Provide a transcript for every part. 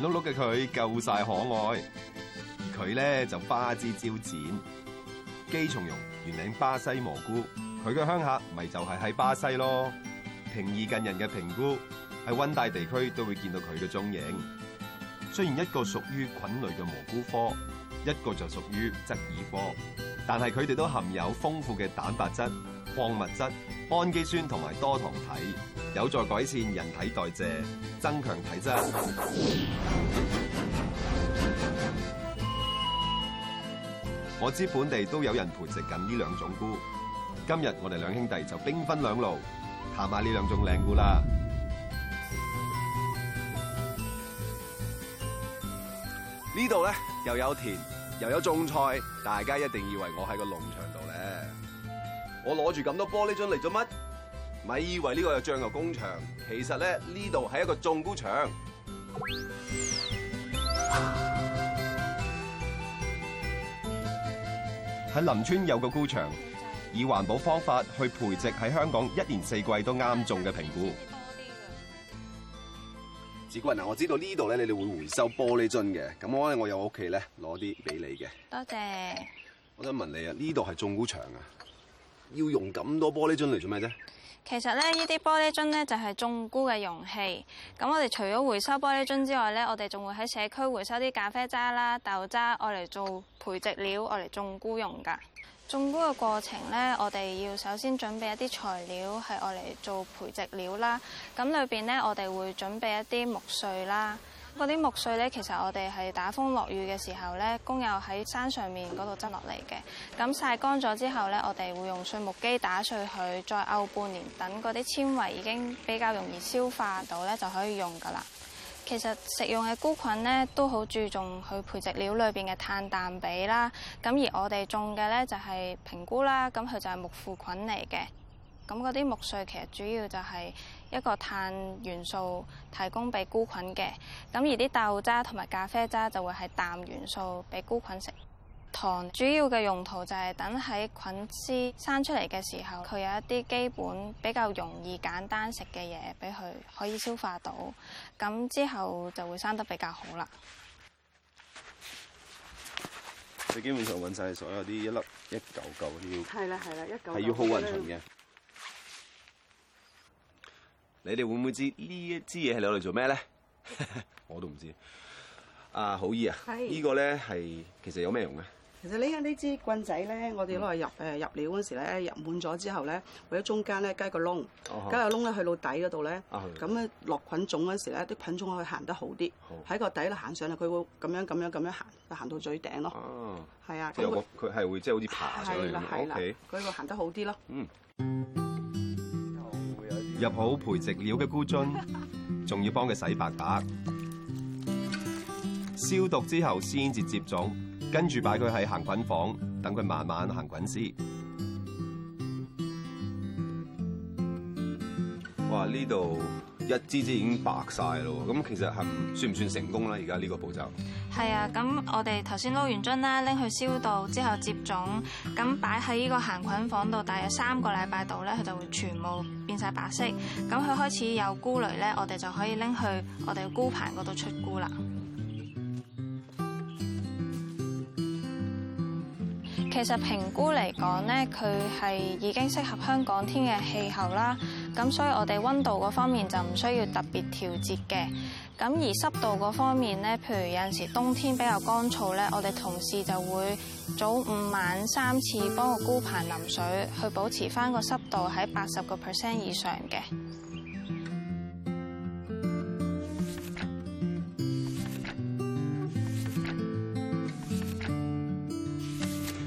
碌碌嘅佢夠晒可愛，而佢咧就花枝招展。姬松茸、原頂巴西蘑菇，佢嘅鄉下咪就係喺巴西咯。平易近人嘅平菇，喺溫帶地區都會見到佢嘅蹤影。雖然一個屬於菌類嘅蘑菇科，一個就屬於側耳科，但係佢哋都含有豐富嘅蛋白質、礦物質、氨基酸同埋多糖體。有助改善人體代謝，增強體質。我知本地都有人培植緊呢兩種菇。今日我哋兩兄弟就兵分兩路，探下呢兩種靚菇啦。呢度咧又有田，又有種菜，大家一定以為我喺個農場度咧。我攞住咁多玻璃樽嚟做乜？咪以為呢個係醬油工場，其實咧呢度係一個種菇場。喺林村有個菇場，以環保方法去培植喺香港一年四季都啱種嘅平菇。只多子君嗱，我知道呢度咧，你哋會回收玻璃樽嘅，咁我我有屋企咧攞啲俾你嘅。多謝，謝。我想問你啊，呢度係種菇場啊，要用咁多玻璃樽嚟做咩啫？其實咧，呢啲玻璃樽咧就係種菇嘅容器。咁我哋除咗回收玻璃樽之外咧，我哋仲會喺社區回收啲咖啡渣啦、豆渣，用嚟做培植料，用嚟種菇用噶。種菇嘅過程咧，我哋要首先準備一啲材料，係用嚟做培植料啦。咁裏面咧，我哋會準備一啲木碎啦。嗰啲木碎咧，其實我哋係打風落雨嘅時候咧，工友喺山上面嗰度執落嚟嘅。咁曬乾咗之後咧，我哋會用碎木機打碎佢，再漚半年，等嗰啲纖維已經比較容易消化到咧，就可以用噶啦。其實食用嘅菇菌咧，都好注重佢培植料裏邊嘅碳氮比啦。咁而我哋種嘅咧就係平菇啦，咁佢就係木腐菌嚟嘅。咁嗰啲木碎其實主要就係一個碳元素提供俾菇菌嘅。咁而啲豆渣同埋咖啡渣就會係氮元素俾菇菌食糖，主要嘅用途就係等喺菌絲生出嚟嘅時候，佢有一啲基本比較容易簡單食嘅嘢俾佢可以消化到，咁之後就會生得比較好啦。你基本上揾晒所有啲一粒一嚿嚿要，係啦係啦，一嚿係要好運存嘅。你哋會唔會知呢一支嘢係攞嚟做咩咧？ 我都唔知。Uh, 好啊，好意啊！係、這個、呢個咧係其實有咩用咧？其實呢個呢支棍仔咧，我哋攞嚟入誒、嗯、入料嗰時咧，入滿咗之後咧，為咗中間咧加個窿，加個窿咧、哦、去到底嗰度咧，咁、哦、咧落菌種嗰時咧，啲菌種可以行得好啲，喺個底度行上嚟，佢會咁樣咁樣咁樣行，行到最頂咯。哦，係啊，咁佢佢係會即係好似爬上去咁。啊啊啊、o、okay、佢會行得好啲咯。嗯。入好培植料嘅菇樽，仲要幫佢洗白白，消毒之後先至接種，跟住擺佢喺行菌房，等佢慢慢行菌絲。哇！呢度～一支支已經白晒咯，咁其實係算唔算成功咧？而家呢個步驟係啊，咁我哋頭先撈完樽啦，拎去消毒之後接種，咁擺喺呢個行菌房度，大約三個禮拜度咧，佢就會全部變晒白色。咁佢開始有菇蕾咧，我哋就可以拎去我哋嘅菇棚嗰度出菇啦。其實平菇嚟講咧，佢係已經適合香港天嘅氣候啦。咁所以我哋溫度嗰方面就唔需要特別調節嘅。咁而濕度嗰方面咧，譬如有陣時冬天比較乾燥咧，我哋同事就會早午晚三次幫個菇棚淋水，去保持翻個濕度喺八十個 percent 以上嘅。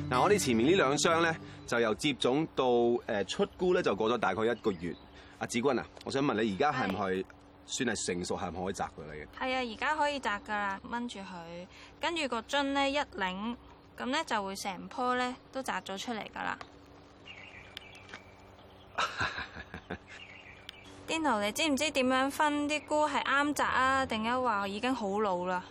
嗱，我哋前面呢兩箱咧，就由接種到誒出菇咧，就過咗大概一個月。阿子君啊，我想問你而家係唔係算係成熟，係唔可以摘佢你嘅？係啊，而家可以摘噶啦，掹住佢，跟住個樽咧一擰，咁咧就會成棵咧都摘咗出嚟噶啦。邊度？你知唔知點樣分啲菇係啱摘啊？定係話已經好老啦？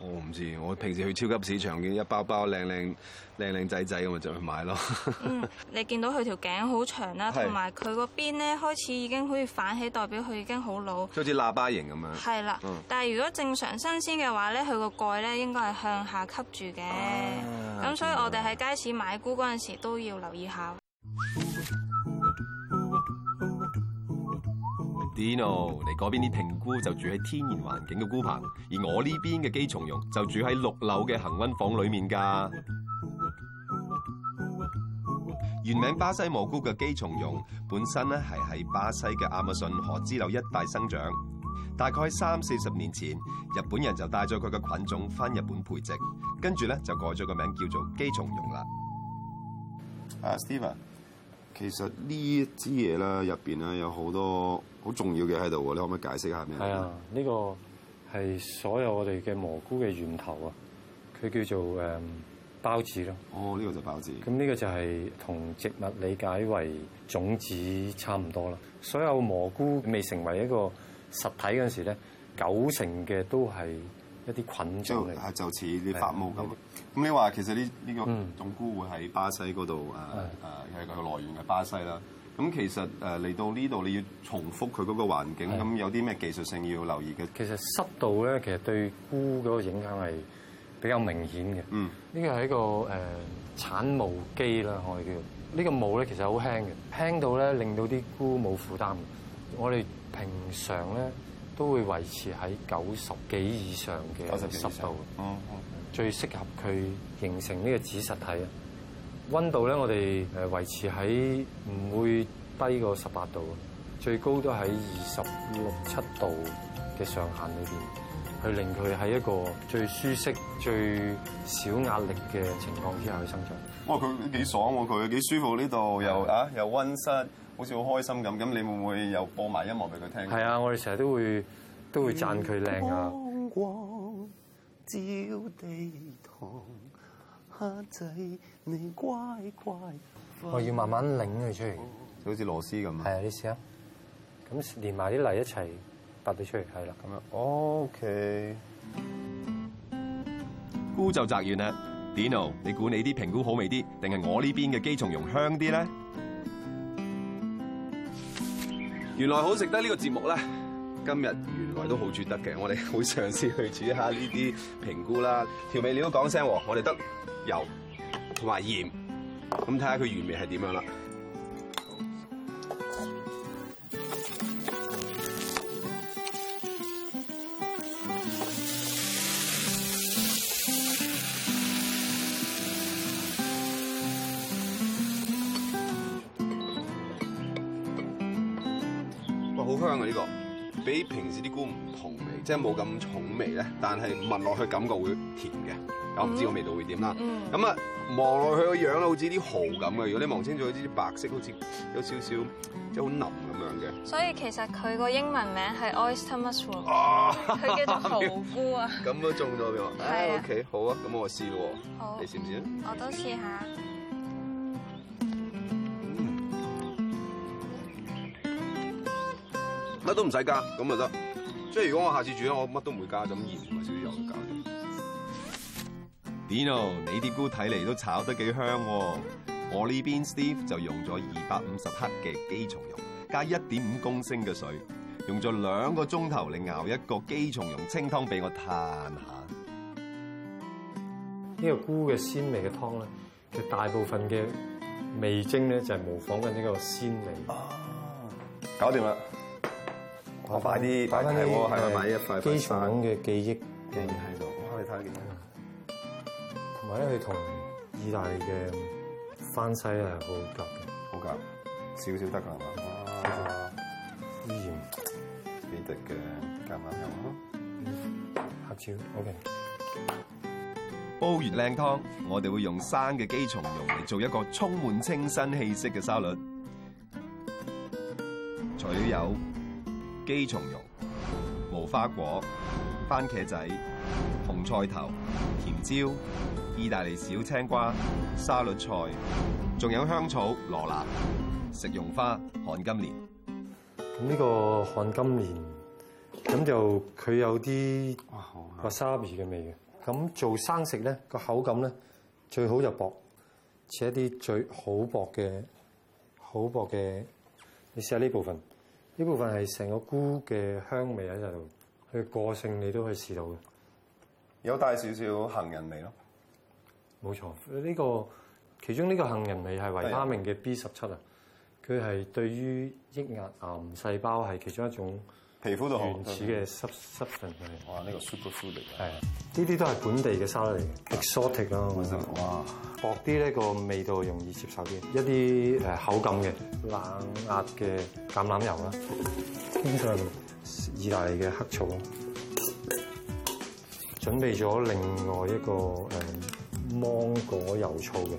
我唔知，我平時去超級市場見一包包靚靚靚靚仔仔咁咪就去買咯。嗯，你見到佢條頸好長啦，同埋佢個邊咧開始已經可以反起，代表佢已經好老，好似喇叭形咁樣。係啦、嗯，但係如果正常新鮮嘅話咧，佢個蓋咧應該係向下吸住嘅。咁、啊、所以我哋喺街市買菇嗰陣時都要留意下。嗯 Dino，你嗰邊啲平菇就住喺天然環境嘅菇棚，而我呢邊嘅姬松茸就住喺六樓嘅恆溫房裡面㗎。原名巴西蘑菇嘅姬松茸，本身咧係喺巴西嘅亞馬遜河支流一帶生長。大概三四十年前，日本人就帶咗佢嘅菌種返日本培植，跟住咧就改咗個名叫做姬松茸啦。阿、uh, Steven，其實呢支嘢啦，入邊咧有好多。好重要嘅喺度喎，你可唔可以解釋下咩啊？係啊，呢、這個係所有我哋嘅蘑菇嘅源頭啊，佢叫做誒、嗯、孢子咯。哦，呢、這個就孢子。咁呢個就係同植物理解為種子差唔多啦。所有蘑菇未成為一個實體嗰陣時咧，九成嘅都係一啲菌種嚟。這個、就就似啲白毛咁。咁你話其實呢呢、這個種菇會喺巴西嗰度誒誒係個來源係巴西啦。咁其實誒嚟到呢度你要重複佢嗰個環境，咁有啲咩技術性要留意嘅？其實濕度咧，其實對菇嗰個影響係比較明顯嘅。嗯，呢個係一個誒、呃、產霧機啦，我哋叫呢、呢個霧咧，其實好輕嘅，輕到咧令到啲菇冇負擔。我哋平常咧都會維持喺九十幾以上嘅濕度，以上，嗯，嗯，最適合佢形成呢個子實體啊。溫度咧，我哋誒維持喺唔會低過十八度，最高都喺二十六七度嘅上限裏邊，去令佢喺一個最舒適、最少壓力嘅情況之下去生長。哇！佢幾爽喎，佢幾舒服，呢度又啊又溫室，好似好開心咁。咁你會唔會又播埋音樂俾佢聽？係啊，我哋成日都會都會讚佢靚啊！光光照地堂蝦仔，你乖乖乖，我要慢慢擰佢出嚟，好似螺絲咁。係啊，試啊，咁連埋啲泥一齊拔佢出嚟，係啦，咁樣。O、okay、K，菇就摘完啦。Dino，你估你啲平菇好味啲，定係我邊基呢邊嘅雞松茸香啲咧？原來好食得、這個、呢個節目咧，今日原來都好煮得嘅。我哋會嘗試去煮一下呢啲平菇啦，調味料都講聲，我哋得。油同埋鹽，咁睇下佢原味係點樣啦。哇，好香啊！呢個比平時啲菇唔同味，即係冇咁重味咧，但係聞落去感覺會甜嘅。我唔知個味道會點啦。咁、嗯、啊，望、嗯、落去個樣好似啲蠔咁嘅。如果你望清楚，有啲白色好像有一點點，好似有少少即係好腍咁樣嘅。所以其實佢個英文名係 Oyster Mushroom，佢、啊、叫做蠔菇啊。咁 都中咗喎。係 O K，好啊，咁我試喎。你試唔試啊？我都試下。乜都唔使加，咁啊得。即係如果我下次煮，我乜都唔會加，就咁鹽同少少油去搞。點哦？你啲菇睇嚟都炒得幾香、哦。我呢邊 Steve 就用咗二百五十克嘅姬松茸，加一點五公升嘅水，用咗兩個鐘頭嚟熬一個姬松茸清湯俾我嘆下。呢、這個菇嘅鮮味嘅湯咧，佢大部分嘅味精咧就係模仿緊呢個鮮味。哦、啊，搞掂啦！我快啲快啲。擺一啲雞粉嘅記憶嚟。佢同意大利嘅翻西係好夾嘅，好夾少少得㗎嘛，依然幾得嘅，夾硬又嚇超，OK。煲完靚湯，我哋會用生嘅雞松茸嚟做一個充滿清新氣息嘅沙律，材料有雞松茸、無花果、番茄仔、紅菜頭、甜椒。意大利小青瓜沙律菜，仲有香草羅勒食用花旱金蓮。咁呢個旱金蓮咁就佢有啲個沙葉嘅味嘅。咁做生食咧，個口感咧最好就薄，切一啲最好薄嘅好薄嘅。你試下呢部分，呢部分係成個菇嘅香味喺度，佢嘅個性你都可以試到嘅，有帶少少杏仁味咯。冇錯，呢、這個其中呢個杏仁味係維他命嘅 B 十七啊，佢係對於抑壓癌細胞係其中一種皮膚都好似嘅濕濕粉嚟。哇！呢、這個 super food 嚟。係啊，呢啲都係本地嘅沙律，exotic 咯，我覺得。哇，薄啲呢、這個味道容易接受啲，一啲誒、呃、口感嘅冷壓嘅橄欖油啦。經、嗯、常意大利嘅黑醋、嗯。準備咗另外一個誒。呃芒果油醋嘅，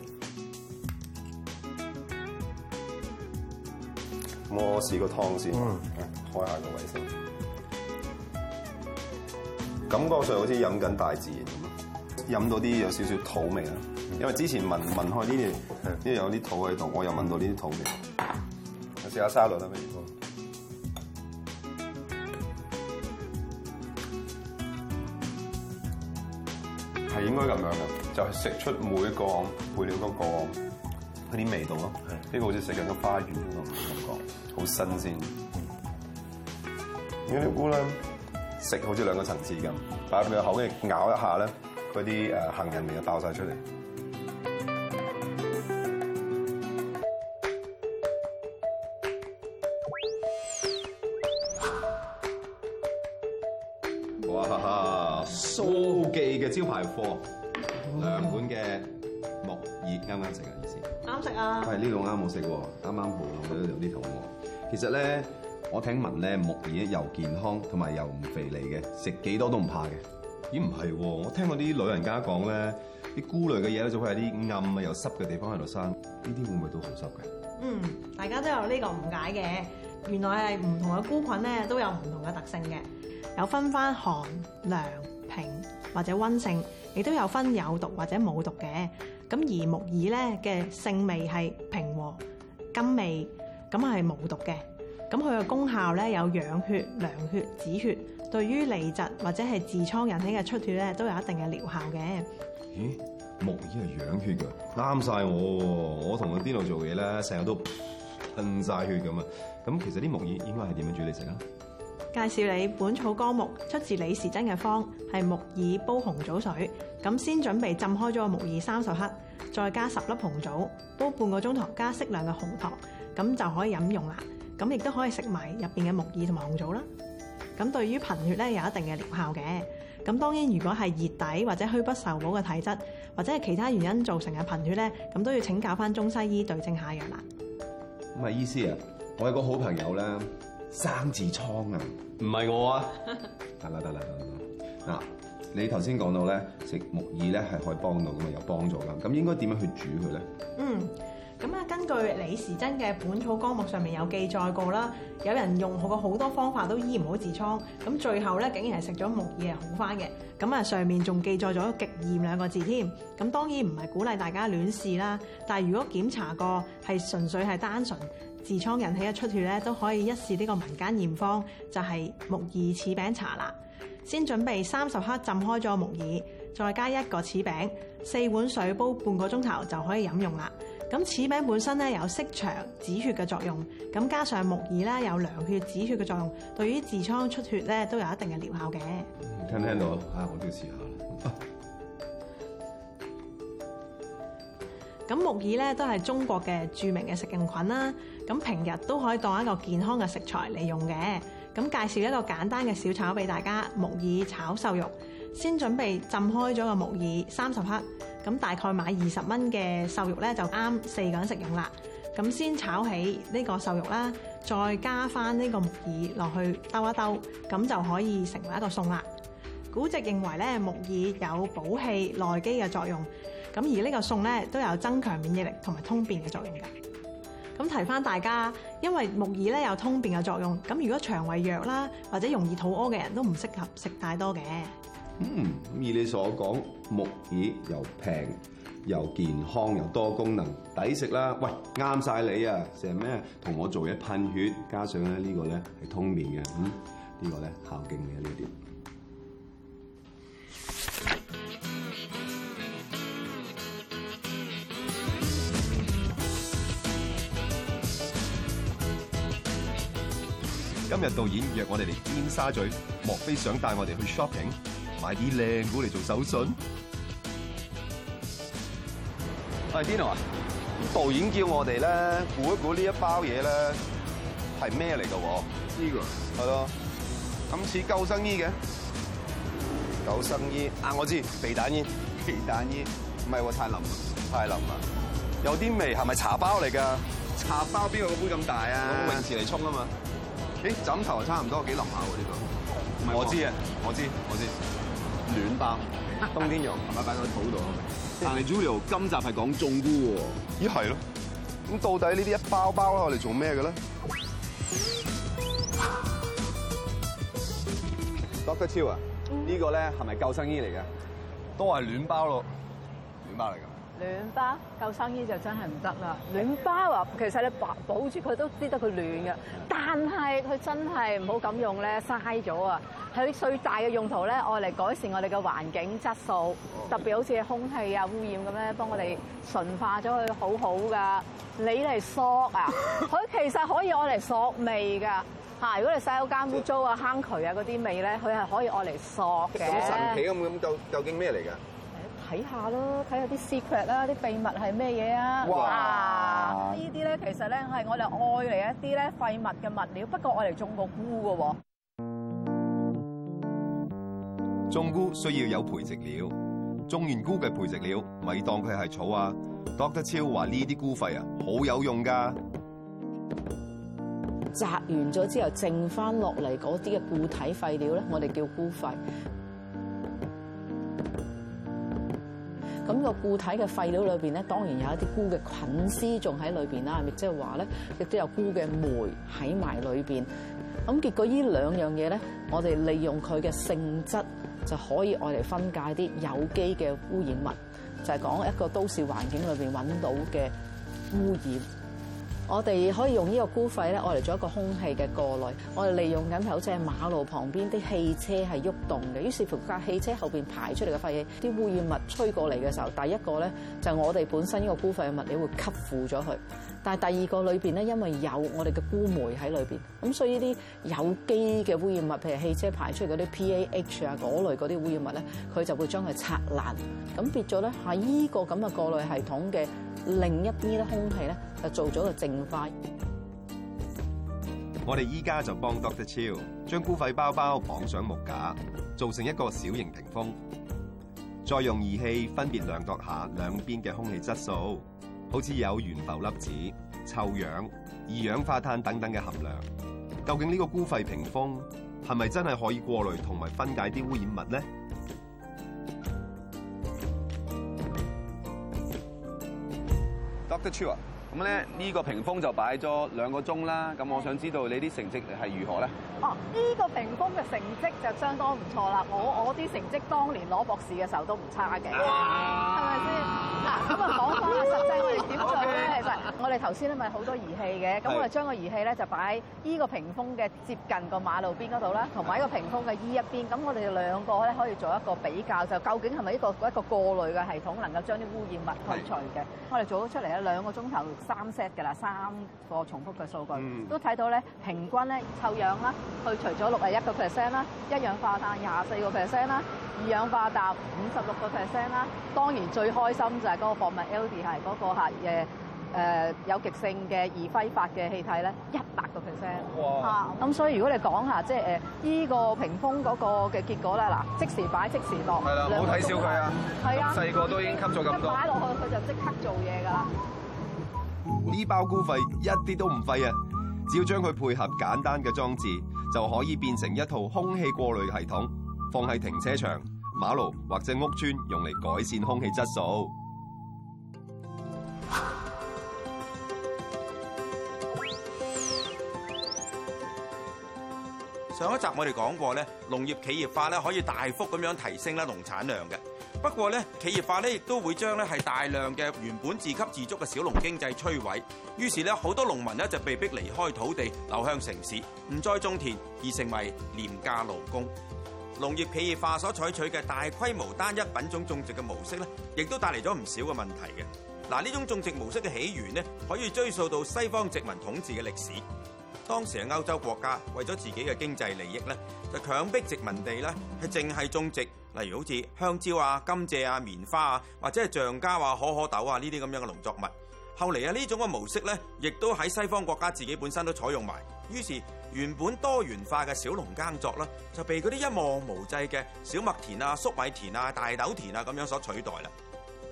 我試個湯先，開下個胃先，感覺上好似飲緊大自然咁，飲到啲有少少土味啦，因為之前聞聞開呢啲，呢度有啲土喺度，我又聞到呢啲土味，我試下沙律啦，係應該咁樣嘅。就係、是、食出每個配料嗰個嗰、那、啲、個、味道咯，呢個好似食緊個花園嗰個感覺，好新鮮。呢啲菇咧食好似兩個層次咁，擺入個口，跟住咬一下咧，嗰啲誒杏仁味就爆晒出嚟。哇！哈哈，蘇記嘅招牌貨。涼拌嘅木耳啱啱食啊？意思啱食啊！係呢度啱我食喎，啱啱好，我都有啲肚餓。其實咧，我聽聞咧木耳又健康，同埋又唔肥膩嘅，食幾多都唔怕嘅。咦？唔係喎，我聽過啲老人家講咧，啲菇類嘅嘢咧就會喺啲暗啊又濕嘅地方喺度生，呢啲會唔會都好濕嘅？嗯，大家都有呢個誤解嘅，原來係唔同嘅菇菌咧都有唔同嘅特性嘅，有分翻寒，寒涼。平或者溫性，亦都有分有毒或者冇毒嘅。咁而木耳咧嘅性味係平和甘味的，咁係冇毒嘅。咁佢嘅功效咧有養血、涼血、止血，對於痢疾或者係痔瘡引起嘅出血咧都有一定嘅療效嘅。咦？木耳係養血㗎？啱晒我。我同佢邊度做嘢咧，成日都噴晒血咁啊。咁其實啲木耳應該係點樣煮嚟食啊？介紹你《本草綱目》出自李時珍嘅方，係木耳煲紅棗水。咁先準備浸開咗個木耳三十克，再加十粒紅棗，煲半個鐘頭，加適量嘅紅糖，咁就可以飲用啦。咁亦都可以食埋入邊嘅木耳同埋紅棗啦。咁對於貧血咧，有一定嘅療效嘅。咁當然，如果係熱底或者虛不受補嘅體質，或者係其他原因造成嘅貧血咧，咁都要請教翻中西醫對症下藥啦。咁啊，醫師啊，我有個好朋友咧。生痔瘡啊！唔係我啊，得啦得啦得啦。嗱，你頭先講到咧，食木耳咧係可以幫到噶嘛，有幫助噶。咁應該點樣去煮佢咧？嗯，咁啊，根據李時珍嘅《本草綱目》上面有記載過啦，有人用過好多方法都醫唔好痔瘡，咁最後咧竟然係食咗木耳係好翻嘅。咁啊，上面仲記載咗極驗兩個字添。咁當然唔係鼓勵大家亂試啦，但係如果檢查過係純粹係單純，痔瘡引起嘅出血咧，都可以一試呢個民間驗方，就係木耳柿餅茶啦。先準備三十克浸開咗木耳，再加一個柿餅，四碗水煲半個鐘頭就可以飲用啦。咁柿餅本身咧有澀腸止血嘅作用，咁加上木耳咧有涼血止血嘅作用，對於痔瘡出血咧都有一定嘅療效嘅。聽聽到啊，我都要試下啦。咁木耳咧都係中國嘅著名嘅食用菌啦。咁平日都可以當一個健康嘅食材嚟用嘅。咁介紹一個簡單嘅小炒俾大家，木耳炒瘦肉。先準備浸開咗個木耳三十克，咁大概買二十蚊嘅瘦肉咧就啱四個人食用啦。咁先炒起呢個瘦肉啦，再加返呢個木耳落去兜一兜，咁就可以成為一個餸啦。古籍認為咧木耳有補氣、內機嘅作用，咁而呢個餸咧都有增強免疫力同埋通便嘅作用㗎。咁提翻大家，因為木耳咧有通便嘅作用，咁如果腸胃弱啦，或者容易肚屙嘅人都唔適合食太多嘅。嗯，咁以你所講，木耳又平又健康又多功能，抵食啦。喂，啱晒你啊！成日咩同我做嘢噴血，加上咧呢個咧係通便嘅，嗯這個、呢個咧孝敬你呢啲。今日導演約我哋嚟尖沙咀，莫非想帶我哋去 shopping 買啲靚菇嚟做手信？喂，Dino 啊，導演叫我哋咧估一估呢一包嘢咧係咩嚟嘅？呢、這個係咯，咁似救生衣嘅救生衣啊！我知，避彈衣、避彈衣唔係喎，太腍太腍啦，有啲味，係咪茶包嚟噶？茶包邊個杯咁大啊？用泳池嚟沖啊嘛！誒枕頭差唔多幾腍下喎，呢度唔係，我知啊，我知我知，我知，我知，暖包， 冬天用，擺喺個肚度。但、嗯、係 Julio，今集係講種菇喎，咦係咯，咁到底呢啲一包包呢？我哋做咩嘅咧？Doctor Chiu 啊，呢個咧係咪救生衣嚟嘅？都係暖包咯，暖包嚟㗎。暖包救生衣就真係唔得啦！暖包啊，其實你保保住佢都知得佢暖㗎，但係佢真係唔好咁用咧，嘥咗啊！佢最大嘅用途咧，愛嚟改善我哋嘅環境質素，特別好似係空氣啊污染咁咧，幫我哋純化咗佢，好好㗎。你嚟索啊！佢其實可以愛嚟索味㗎吓，如果你洗到間污糟啊、坑渠啊嗰啲味咧，佢係可以愛嚟索嘅。咁神奇咁，究竟咩嚟㗎？睇下咯，睇下啲 secret 啦，啲秘密係咩嘢啊？哇！呢啲咧，其實咧係我哋愛嚟一啲咧廢物嘅物料，不過我哋種菇嘅喎。種菇需要有培植料，種完菇嘅培植料咪當佢係草啊。Doctor 超話呢啲菇廢啊，好有用噶。摘完咗之後，剩翻落嚟嗰啲嘅固體廢料咧，我哋叫菇廢。咁個固體嘅廢料裏邊咧，當然有一啲菇嘅菌絲仲喺裏邊啦，亦即係話咧，亦都有菇嘅酶喺埋裏邊。咁結果呢兩樣嘢咧，我哋利用佢嘅性質，就可以愛嚟分解啲有機嘅污染物，就係講一個都市環境裏邊揾到嘅污染。我哋可以用這個呢個固廢咧，我嚟做一個空氣嘅過濾。我哋利用緊，好似喺馬路旁邊啲汽車係喐動嘅，於是乎架汽車後邊排出嚟嘅廢氣，啲污染物吹過嚟嘅時候，第一個咧就係我哋本身呢個固廢嘅物料會吸附咗佢。但係第二個裏邊咧，因為有我哋嘅菇酶喺裏邊，咁所以啲有機嘅污染物，譬如汽車排出嚟嗰啲 PAH 啊嗰類嗰啲污染物咧，佢就會將佢拆爛。咁變咗咧喺呢個咁嘅過濾系統嘅。另一邊咧，空氣咧就做咗個淨化。我哋依家就幫 Doctor 超將菇廢包包綁上木架，做成一個小型屏風，再用儀器分別量度下兩邊嘅空氣質素，好似有懸浮粒子、臭氧、二氧化碳等等嘅含量。究竟呢個菇廢屏風係咪真係可以過濾同埋分解啲污染物咧？得 h 啊，咁咧呢個屏風就擺咗兩個鐘啦，咁我想知道你啲成績係如何咧？哦、啊，呢、這個屏風嘅成績就相當唔錯啦。我我啲成績當年攞博士嘅時候都唔差嘅，係咪先？嗱、啊，咁啊講翻實際我哋點做咧？Okay. 我哋頭先咧咪好多儀器嘅，咁我哋將個儀器咧就擺喺依個屏風嘅接近個馬路邊嗰度啦，同埋喺個屏風嘅依、e、一邊。咁我哋兩個咧可以做一個比較，就究竟係咪一個一個過濾嘅系統能夠將啲污染物去除嘅？的我哋做咗出嚟有兩個鐘頭三 set 嘅啦，三個重複嘅數據都睇到咧，平均咧，臭氧啦去除咗六啊一個 percent 啦，一氧化碳廿四個 percent 啦，二氧化氮五十六個 percent 啦。當然最開心就係嗰個貨物 l d i 係嗰個係誒。誒、呃、有極性嘅易揮發嘅氣體咧，一百個 percent。哇！咁所以如果你講下，即係誒依個屏風嗰個嘅結果咧，嗱即時擺即時落，唔好睇小佢啊！係啊，細個都已經吸咗咁多。擺落去佢就即刻做嘢㗎啦！呢包菇費一啲都唔廢啊！只要將佢配合簡單嘅裝置，就可以變成一套空氣過濾系統，放喺停車場、馬路或者屋邨，用嚟改善空氣質素。上一集我哋講過咧，農業企業化咧可以大幅咁樣提升咧農產量嘅。不過咧，企業化咧亦都會將咧係大量嘅原本自給自足嘅小農經濟摧毀。於是咧，好多農民咧就被迫離開土地，流向城市，唔再種田，而成為廉價勞工。農業企業化所採取嘅大規模單一品種種植嘅模式咧，亦都帶嚟咗唔少嘅問題嘅。嗱，呢種種植模式嘅起源呢，可以追溯到西方殖民統治嘅歷史。當時嘅歐洲國家為咗自己嘅經濟利益咧，就強迫殖民地咧，係淨係種植，例如好似香蕉啊、甘蔗啊、棉花啊，或者係橡膠啊、可可豆啊呢啲咁樣嘅農作物。後嚟啊，呢種嘅模式咧，亦都喺西方國家自己本身都採用埋。於是原本多元化嘅小農耕作啦，就被嗰啲一望無際嘅小麥田啊、粟米田啊、大豆田啊咁樣所取代啦。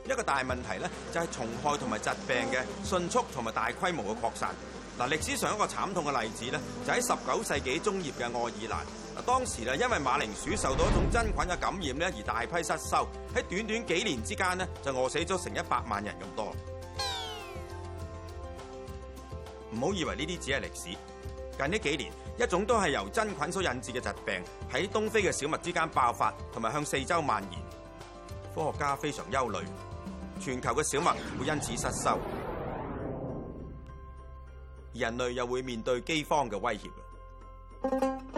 一個大問題咧，就係蟲害同埋疾病嘅迅速同埋大規模嘅擴散。嗱，歷史上一個慘痛嘅例子咧，就喺十九世紀中葉嘅愛爾蘭。嗱，當時咧因為馬鈴薯受到一種真菌嘅感染咧，而大批失收。喺短短幾年之間咧，就餓死咗成一百萬人咁多。唔好以為呢啲只係歷史。近呢幾年，一種都係由真菌所引致嘅疾病喺東非嘅小麥之間爆發，同埋向四周蔓延。科學家非常憂慮，全球嘅小麥會因此失收。人類又會面對饑荒嘅威脅。